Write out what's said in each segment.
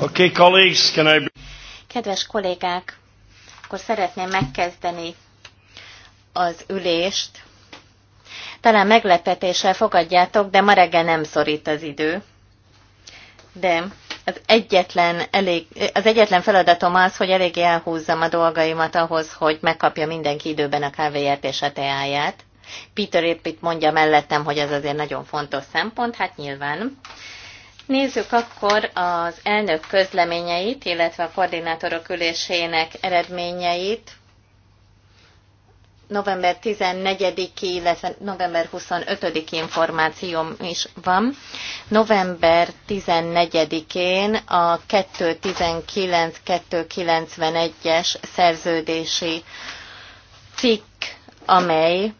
Okay, colleagues, can I... Kedves kollégák, akkor szeretném megkezdeni az ülést. Talán meglepetéssel fogadjátok, de ma reggel nem szorít az idő. De az egyetlen, elég, az egyetlen feladatom az, hogy elég elhúzzam a dolgaimat ahhoz, hogy megkapja mindenki időben a kávéját és a teáját. Peter épp itt mondja mellettem, hogy ez azért nagyon fontos szempont, hát nyilván Nézzük akkor az elnök közleményeit, illetve a koordinátorok ülésének eredményeit november 14-i, illetve november 25-i információm is van. November 14-én a 219-291-es szerződési cikk, amely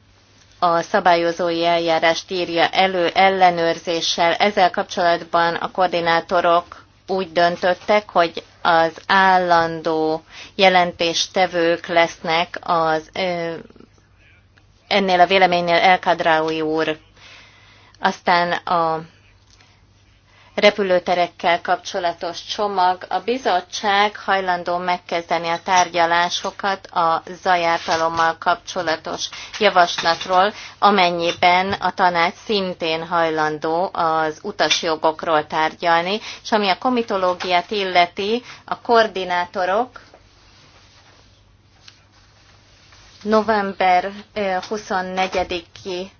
a szabályozói eljárást írja elő ellenőrzéssel. Ezzel kapcsolatban a koordinátorok úgy döntöttek, hogy az állandó jelentéstevők lesznek az ennél a véleménynél Elkadráui úr, aztán a repülőterekkel kapcsolatos csomag. A bizottság hajlandó megkezdeni a tárgyalásokat a zajártalommal kapcsolatos javaslatról, amennyiben a tanács szintén hajlandó az utasjogokról tárgyalni, és ami a komitológiát illeti, a koordinátorok november 24-i eh,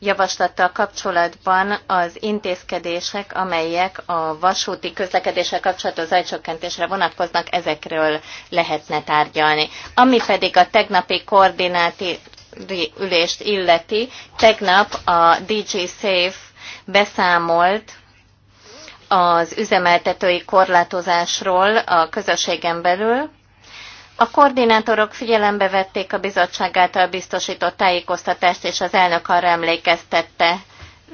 javaslattal kapcsolatban az intézkedések, amelyek a vasúti közlekedéssel kapcsolatos zajcsökkentésre vonatkoznak, ezekről lehetne tárgyalni. Ami pedig a tegnapi koordináti ülést illeti, tegnap a DG Safe beszámolt az üzemeltetői korlátozásról a közösségen belül, a koordinátorok figyelembe vették a bizottság által biztosított tájékoztatást, és az elnök arra emlékeztette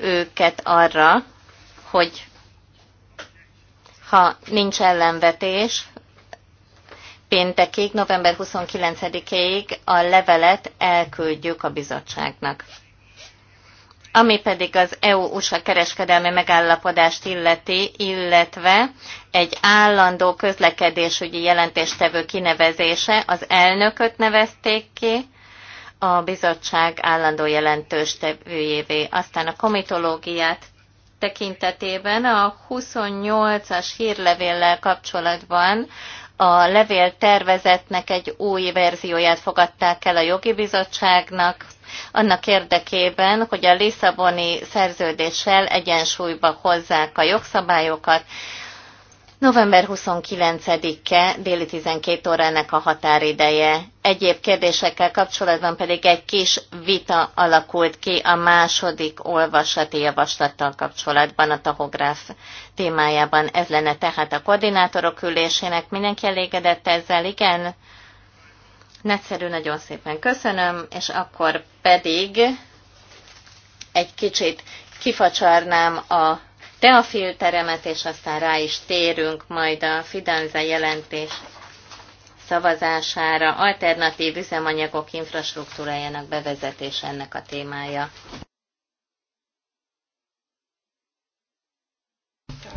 őket arra, hogy ha nincs ellenvetés, péntekig, november 29-ig a levelet elküldjük a bizottságnak. Ami pedig az EU-USA kereskedelmi megállapodást illeti, illetve egy állandó közlekedésügyi jelentéstevő kinevezése, az elnököt nevezték ki, a bizottság állandó jelentős tevőjévé. Aztán a komitológiát tekintetében a 28-as hírlevéllel kapcsolatban a levél tervezetnek egy új verzióját fogadták el a jogi bizottságnak, annak érdekében, hogy a Lisszaboni szerződéssel egyensúlyba hozzák a jogszabályokat. November 29-e déli 12 órának a határideje. Egyéb kérdésekkel kapcsolatban pedig egy kis vita alakult ki a második olvasati javaslattal kapcsolatban a tahográf témájában. Ez lenne tehát a koordinátorok ülésének. Mindenki elégedett ezzel, igen? Nagyszerű, nagyon szépen köszönöm, és akkor pedig egy kicsit kifacsarnám a teafilteremet, és aztán rá is térünk majd a Fidanza jelentés szavazására, alternatív üzemanyagok infrastruktúrájának bevezetés ennek a témája.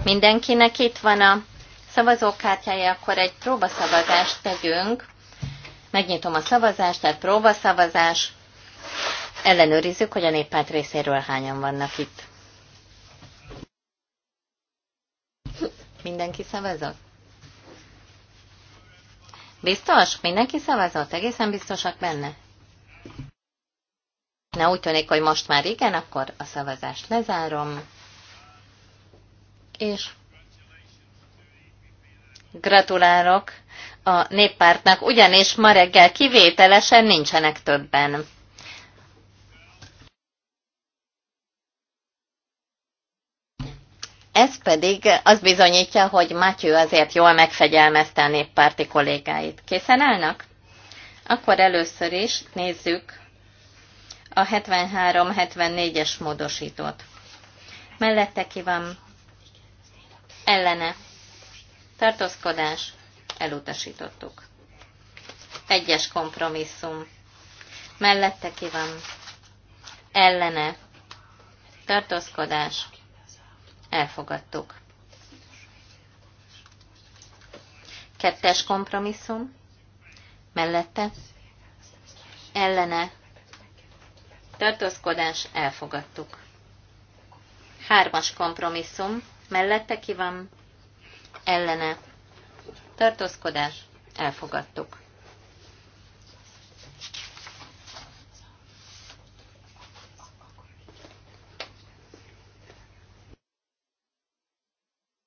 Mindenkinek itt van a szavazókártyája, akkor egy próbaszavazást tegyünk. Megnyitom a szavazást, tehát próbaszavazás. Ellenőrizzük, hogy a néppárt részéről hányan vannak itt. Mindenki szavazott? Biztos? Mindenki szavazott? Egészen biztosak benne? Na úgy tűnik, hogy most már igen, akkor a szavazást lezárom. És gratulálok a néppártnak, ugyanis ma reggel kivételesen nincsenek többen. Ez pedig az bizonyítja, hogy Matyő azért jól megfegyelmezte a néppárti kollégáit. Készen állnak? Akkor először is nézzük a 73-74-es módosítót. Mellette ki van ellene tartózkodás, elutasítottuk. Egyes kompromisszum. Mellette ki van? Ellene. Tartózkodás. Elfogadtuk. Kettes kompromisszum. Mellette. Ellene. Tartózkodás. Elfogadtuk. Hármas kompromisszum. Mellette ki van? Ellene tartózkodás, elfogadtuk.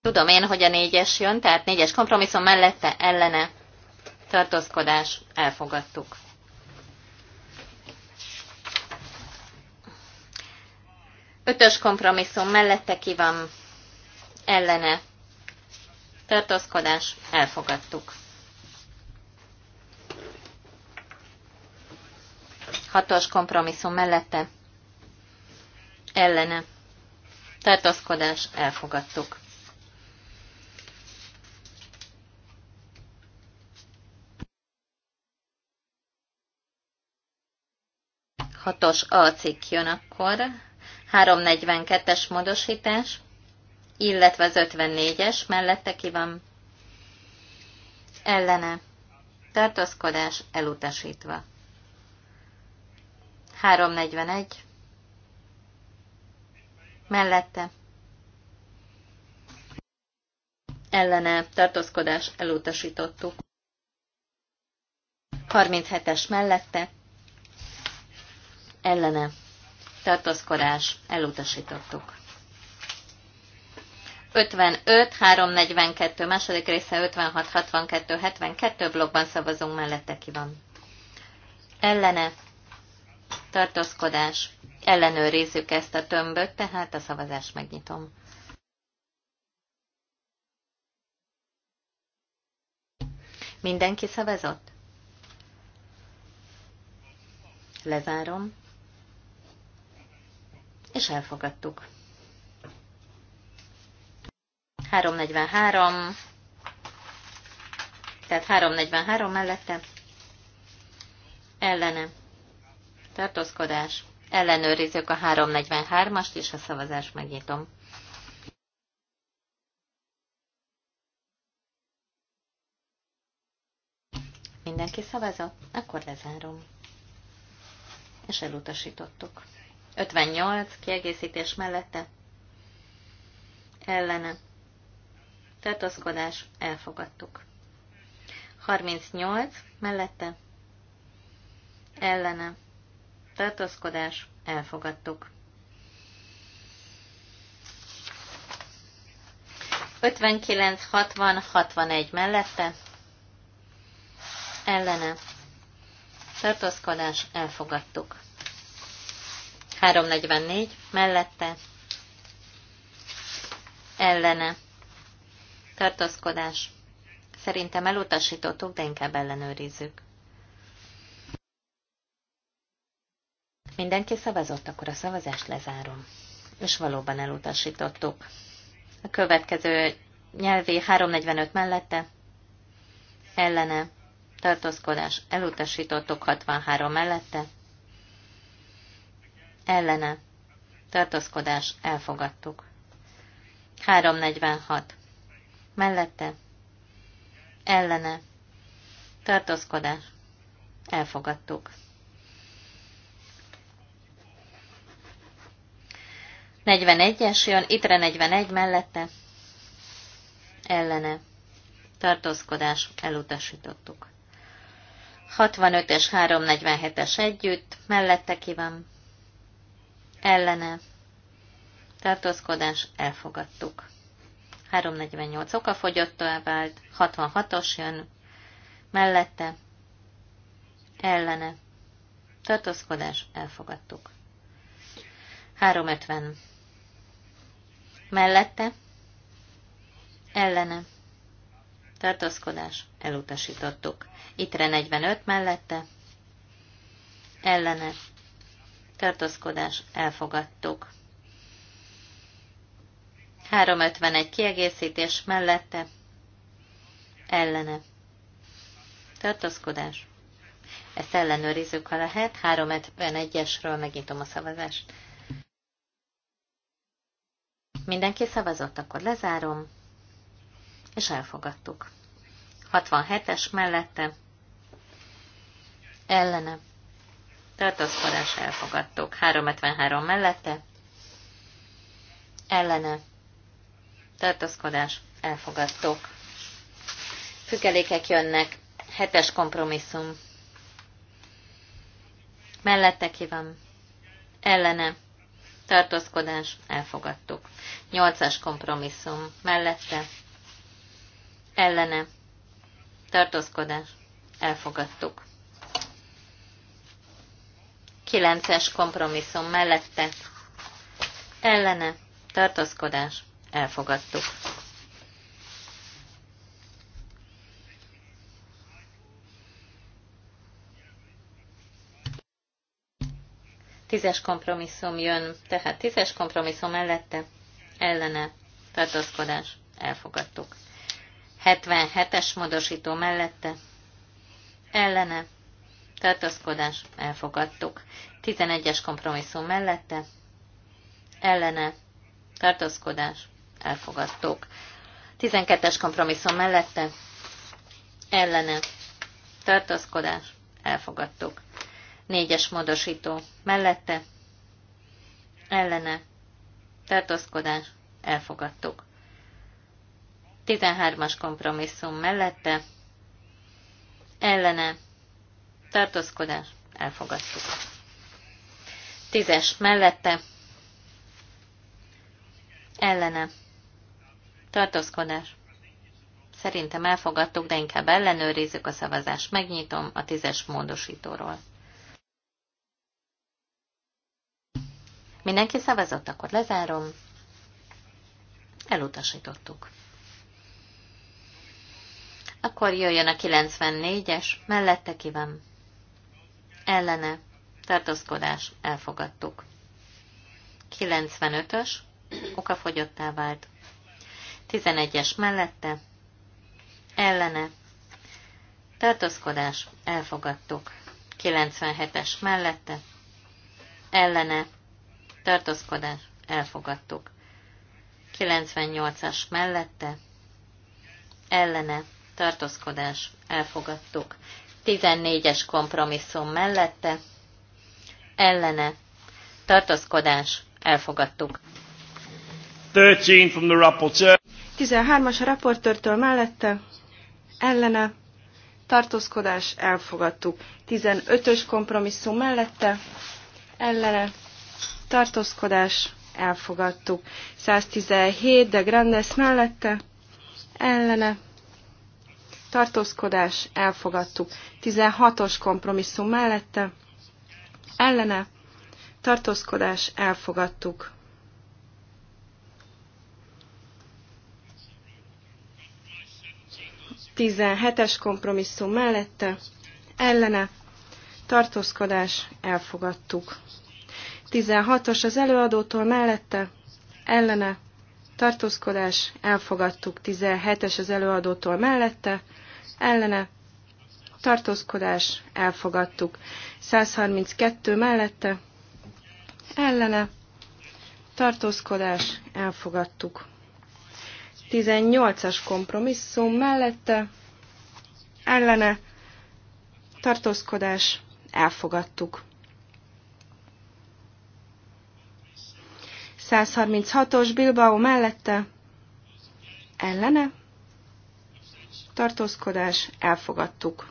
Tudom én, hogy a négyes jön, tehát négyes kompromisszum mellette ellene tartózkodás elfogadtuk. Ötös kompromisszum mellette ki van ellene tartózkodás, elfogadtuk. Hatos kompromisszum mellette, ellene, tartózkodás, elfogadtuk. Hatos A cikk jön akkor. 342-es módosítás illetve az 54-es mellette ki van ellene tartózkodás elutasítva. 341 mellette ellene tartózkodás elutasítottuk. 37-es mellette ellene tartózkodás elutasítottuk. 55, 342, második része 56, 62, 72 blokkban szavazunk mellette ki van. Ellene tartózkodás. Ellenőrizzük ezt a tömböt, tehát a szavazást megnyitom. Mindenki szavazott? Lezárom. És elfogadtuk. 343, tehát 343 mellette ellene tartózkodás. ellenőrizők a 343-ast, és a szavazást megnyitom. Mindenki szavazott? Akkor lezárom. És elutasítottuk. 58 kiegészítés mellette. Ellene tartózkodás, elfogadtuk. 38 mellette, ellene, tartózkodás, elfogadtuk. 59, 60, 61 mellette, ellene, tartózkodás, elfogadtuk. 344 mellette, ellene, Tartózkodás. Szerintem elutasítottuk, de inkább ellenőrizzük. Mindenki szavazott, akkor a szavazást lezárom. És valóban elutasítottuk. A következő nyelvé 345 mellette, ellene, tartózkodás, elutasítottuk 63 mellette, ellene, tartózkodás, elfogadtuk. 346 mellette, ellene, tartózkodás, elfogadtuk. 41-es jön, ittre 41 mellette, ellene, tartózkodás, elutasítottuk. 65-es, 347-es együtt, mellette ki van, ellene, tartózkodás, elfogadtuk. 348 fogyott vált, 66-os jön, mellette, ellene, tartózkodás, elfogadtuk. 350. Mellette, ellene, tartózkodás, elutasítottuk. Itre 45 mellette, ellene, tartózkodás, elfogadtuk. 351 kiegészítés mellette ellene. Tartózkodás. Ezt ellenőrizzük, ha lehet. 351-esről megnyitom a szavazást. Mindenki szavazott, akkor lezárom, és elfogadtuk. 67-es mellette ellene. Tartózkodás elfogadtuk. 353 mellette ellene tartózkodás, elfogadtok. Fükelékek jönnek, hetes kompromisszum. Mellette ki van, ellene, tartózkodás, elfogadtuk. Nyolcas kompromisszum, mellette, ellene, tartózkodás, elfogadtuk. Kilences kompromisszum mellette, ellene, tartózkodás, elfogadtuk. Tízes kompromisszum jön, tehát tízes kompromisszum mellette ellene tartózkodás elfogadtuk. 77-es módosító mellette ellene tartózkodás elfogadtuk. 11-es kompromisszum mellette ellene tartózkodás elfogadtuk. 12-es kompromisszum mellette ellene tartózkodás elfogadtuk. 4-es módosító mellette ellene tartózkodás elfogadtuk. 13-as kompromisszum mellette ellene tartózkodás elfogadtuk. 10-es mellette ellene tartózkodás. Szerintem elfogadtuk, de inkább ellenőrizzük a szavazást. Megnyitom a tízes módosítóról. Mindenki szavazott, akkor lezárom. Elutasítottuk. Akkor jöjjön a 94-es, mellette ki van. Ellene, tartózkodás, elfogadtuk. 95-ös, okafogyottá vált. 11-es mellette, ellene, tartozkodás, elfogadtuk. 97-es mellette, ellene, tartozkodás, elfogadtuk. 98-as mellette, ellene, tartozkodás, elfogadtuk. 14-es kompromisszum mellette, ellene, tartozkodás, elfogadtuk. 13 from the rapporteur. 13-as a raportörtől mellette, ellene, tartózkodás, elfogadtuk. 15-ös kompromisszum mellette, ellene, tartózkodás, elfogadtuk. 117 de Grandes mellette, ellene, tartózkodás, elfogadtuk. 16-os kompromisszum mellette, ellene, tartózkodás, elfogadtuk. 17-es kompromisszum mellette, ellene, tartózkodás, elfogadtuk. 16-os az előadótól mellette, ellene, tartózkodás, elfogadtuk. 17-es az előadótól mellette, ellene, tartózkodás, elfogadtuk. 132 mellette, ellene, tartózkodás, elfogadtuk. 18-as kompromisszum mellette ellene tartózkodás elfogadtuk. 136-os Bilbao mellette ellene tartózkodás elfogadtuk.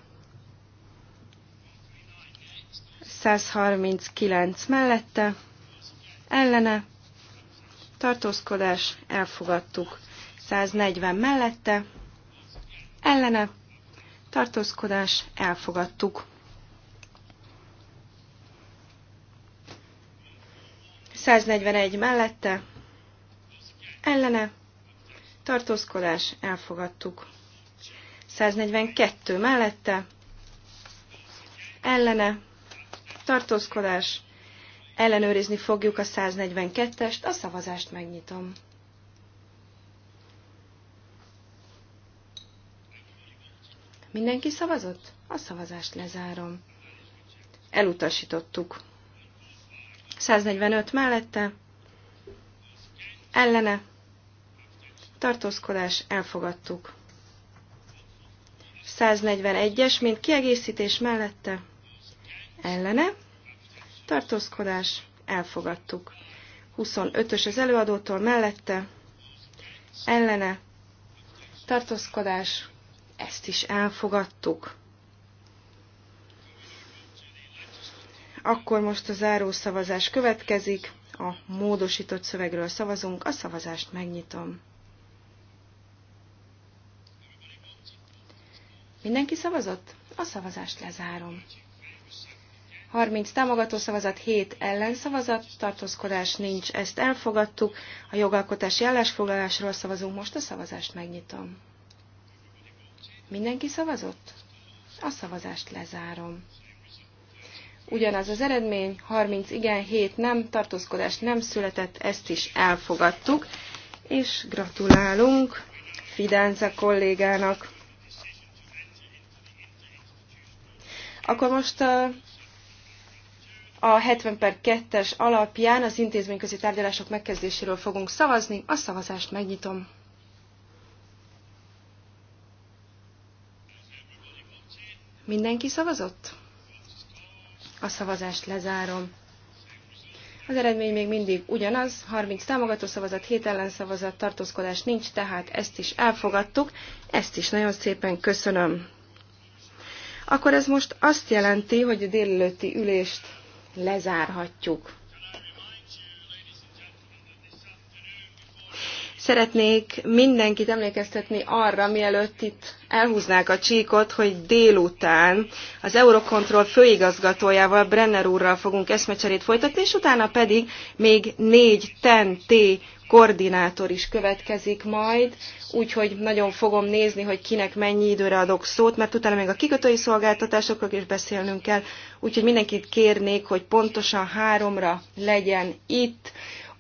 139 mellette ellene tartózkodás elfogadtuk. 140 mellette, ellene, tartózkodás, elfogadtuk. 141 mellette, ellene, tartózkodás, elfogadtuk. 142 mellette, ellene, tartózkodás, ellenőrizni fogjuk a 142-est, a szavazást megnyitom. Mindenki szavazott? A szavazást lezárom. Elutasítottuk. 145 mellette, ellene, tartózkodás, elfogadtuk. 141-es, mint kiegészítés mellette, ellene, tartózkodás, elfogadtuk. 25-ös az előadótól mellette, ellene, tartózkodás, ezt is elfogadtuk. Akkor most a záró szavazás következik. A módosított szövegről szavazunk. A szavazást megnyitom. Mindenki szavazott? A szavazást lezárom. 30 támogató szavazat, 7 ellenszavazat, tartózkodás nincs, ezt elfogadtuk. A jogalkotási állásfoglalásról szavazunk, most a szavazást megnyitom. Mindenki szavazott? A szavazást lezárom. Ugyanaz az eredmény, 30 igen, 7 nem, tartózkodás nem született, ezt is elfogadtuk, és gratulálunk Fidenza kollégának. Akkor most a 70 per 2-es alapján az intézményközi tárgyalások megkezdéséről fogunk szavazni. A szavazást megnyitom. Mindenki szavazott? A szavazást lezárom. Az eredmény még mindig ugyanaz, 30 támogató szavazat, 7 ellen szavazat, tartózkodás nincs, tehát ezt is elfogadtuk, ezt is nagyon szépen köszönöm. Akkor ez most azt jelenti, hogy a délelőtti ülést lezárhatjuk. Szeretnék mindenkit emlékeztetni arra, mielőtt itt elhúznák a csíkot, hogy délután az Eurocontrol főigazgatójával, Brenner úrral fogunk eszmecserét folytatni, és utána pedig még négy TEN-T koordinátor is következik majd, úgyhogy nagyon fogom nézni, hogy kinek mennyi időre adok szót, mert utána még a kikötői szolgáltatásokról is beszélnünk kell, úgyhogy mindenkit kérnék, hogy pontosan háromra legyen itt,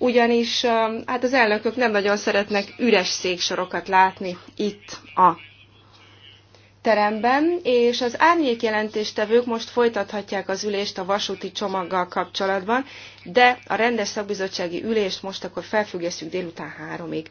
ugyanis hát az elnökök nem nagyon szeretnek üres széksorokat látni itt a teremben, és az árnyék jelentéstevők most folytathatják az ülést a vasúti csomaggal kapcsolatban, de a rendes szakbizottsági ülést most akkor felfüggesztjük délután háromig.